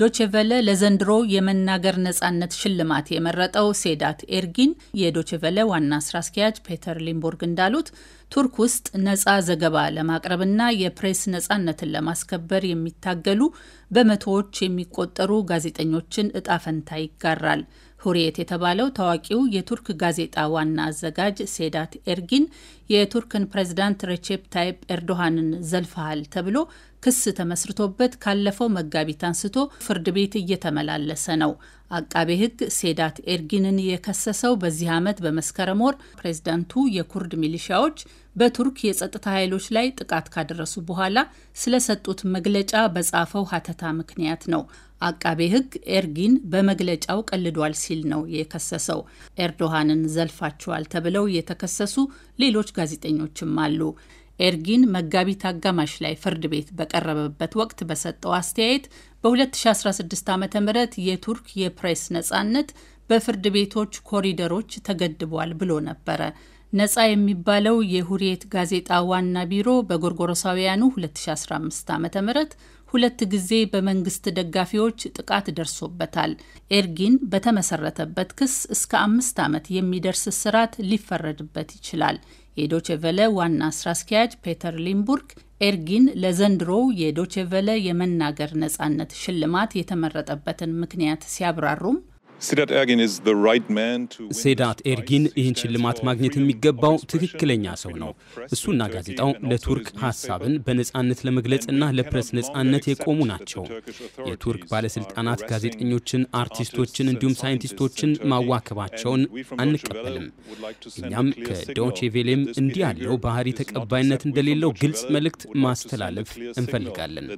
ዶችቨለ ለዘንድሮ የመናገር ነጻነት ሽልማት የመረጠው ሴዳት ኤርጊን የዶችቨለ ዋና ስራ አስኪያጅ ፔተር ሊምቦርግ እንዳሉት ቱርክ ውስጥ ነጻ ዘገባ ለማቅረብና የፕሬስ ነጻነትን ለማስከበር የሚታገሉ በመቶዎች የሚቆጠሩ ጋዜጠኞችን እጣፈንታ ይጋራል። ሁሪየት የተባለው ታዋቂው የቱርክ ጋዜጣ ዋና አዘጋጅ ሴዳት ኤርጊን የቱርክን ፕሬዝዳንት ረቼፕ ታይፕ ኤርዶሃንን ዘልፈሃል ተብሎ ክስ ተመስርቶበት ካለፈው መጋቢት አንስቶ ፍርድ ቤት እየተመላለሰ ነው። አቃቤ ሕግ ሴዳት ኤርጊንን የከሰሰው በዚህ ዓመት በመስከረም ወር ፕሬዝዳንቱ የኩርድ ሚሊሻዎች በቱርክ የጸጥታ ኃይሎች ላይ ጥቃት ካደረሱ በኋላ ስለሰጡት መግለጫ በጻፈው ሀተታ ምክንያት ነው። አቃቤ ሕግ ኤርጊን በመግለጫው ቀልዷል ሲል ነው የከሰሰው። ኤርዶሃንን ዘልፋቸዋል ተብለው የተከሰሱ ሌሎች ጋዜጠኞችም አሉ። ኤርጊን መጋቢት አጋማሽ ላይ ፍርድ ቤት በቀረበበት ወቅት በሰጠው አስተያየት በ2016 ዓ ም የቱርክ የፕሬስ ነጻነት በፍርድ ቤቶች ኮሪደሮች ተገድቧል ብሎ ነበረ። ነፃ የሚባለው የሁሪየት ጋዜጣ ዋና ቢሮ በጎርጎሮሳውያኑ 2015 ዓ ም ሁለት ጊዜ በመንግስት ደጋፊዎች ጥቃት ደርሶበታል። ኤርጊን በተመሰረተበት ክስ እስከ አምስት ዓመት የሚደርስ እስራት ሊፈረድበት ይችላል። የዶቼቨለ ዋና ስራ አስኪያጅ ፔተር ሊምቡርግ ኤርጊን ለዘንድሮው የዶቼቨለ የመናገር ነፃነት ሽልማት የተመረጠበትን ምክንያት ሲያብራሩም ሴዳት ኤርጊን ይህን ሽልማት ማግኘት የሚገባው ትክክለኛ ሰው ነው። እሱና ጋዜጣው ለቱርክ ሀሳብን በነጻነት ለመግለጽና ለፕረስ ነጻነት የቆሙ ናቸው። የቱርክ ባለስልጣናት ጋዜጠኞችን፣ አርቲስቶችን እንዲሁም ሳይንቲስቶችን ማዋከባቸውን አንቀበልም። እኛም ከዶቼ ቬሌም እንዲህ ያለው ባህሪ ተቀባይነት እንደሌለው ግልጽ መልእክት ማስተላለፍ እንፈልጋለን።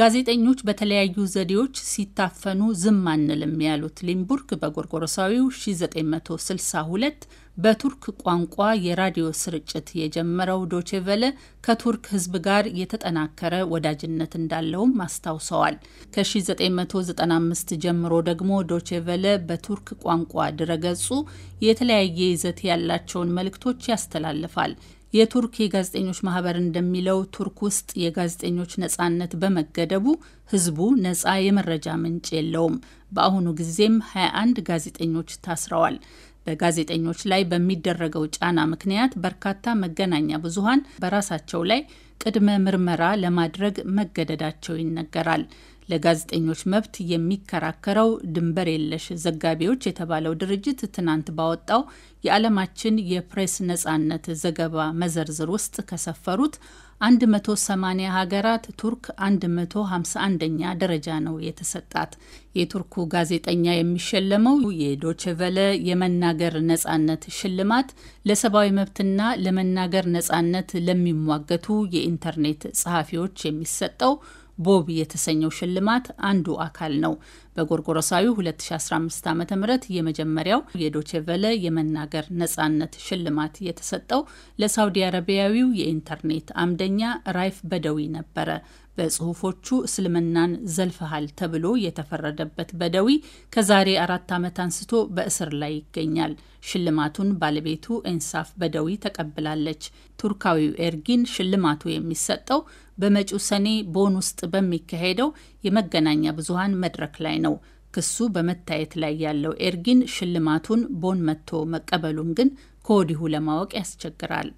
ጋዜጠኞች በተለያዩ ዘዴዎች ሲታፍ ካልታፈኑ ዝም አንልም ያሉት ሊምቡርግ በጎርጎረሳዊው 1962 በቱርክ ቋንቋ የራዲዮ ስርጭት የጀመረው ዶቼቨለ ከቱርክ ሕዝብ ጋር የተጠናከረ ወዳጅነት እንዳለውም አስታውሰዋል። ከ1995 ጀምሮ ደግሞ ዶቼቨለ በቱርክ ቋንቋ ድረገጹ የተለያየ ይዘት ያላቸውን መልእክቶች ያስተላልፋል። የቱርክ የጋዜጠኞች ማህበር እንደሚለው ቱርክ ውስጥ የጋዜጠኞች ነጻነት በመገደቡ ህዝቡ ነጻ የመረጃ ምንጭ የለውም። በአሁኑ ጊዜም 21 ጋዜጠኞች ታስረዋል። በጋዜጠኞች ላይ በሚደረገው ጫና ምክንያት በርካታ መገናኛ ብዙሀን በራሳቸው ላይ ቅድመ ምርመራ ለማድረግ መገደዳቸው ይነገራል። ለጋዜጠኞች መብት የሚከራከረው ድንበር የለሽ ዘጋቢዎች የተባለው ድርጅት ትናንት ባወጣው የዓለማችን የፕሬስ ነጻነት ዘገባ መዘርዝር ውስጥ ከሰፈሩት 180 ሀገራት ቱርክ 151ኛ ደረጃ ነው የተሰጣት። የቱርኩ ጋዜጠኛ የሚሸለመው የዶችቨለ የመናገር ነጻነት ሽልማት ለሰብአዊ መብትና ለመናገር ነጻነት ለሚሟገቱ የኢንተርኔት ጸሐፊዎች የሚሰጠው ቦብ የተሰኘው ሽልማት አንዱ አካል ነው። በጎርጎረሳዊ 2015 ዓ ም የመጀመሪያው የዶቼቨለ የመናገር ነጻነት ሽልማት የተሰጠው ለሳውዲ አረቢያዊው የኢንተርኔት አምደኛ ራይፍ በደዊ ነበረ። በጽሁፎቹ እስልምናን ዘልፈሃል ተብሎ የተፈረደበት በደዊ ከዛሬ አራት ዓመት አንስቶ በእስር ላይ ይገኛል። ሽልማቱን ባለቤቱ ኤንሳፍ በደዊ ተቀብላለች። ቱርካዊው ኤርጊን ሽልማቱ የሚሰጠው በመጪው ሰኔ ቦን ውስጥ በሚካሄደው የመገናኛ ብዙኃን መድረክ ላይ ነው። ክሱ በመታየት ላይ ያለው ኤርጊን ሽልማቱን ቦን መጥቶ መቀበሉን ግን ከወዲሁ ለማወቅ ያስቸግራል።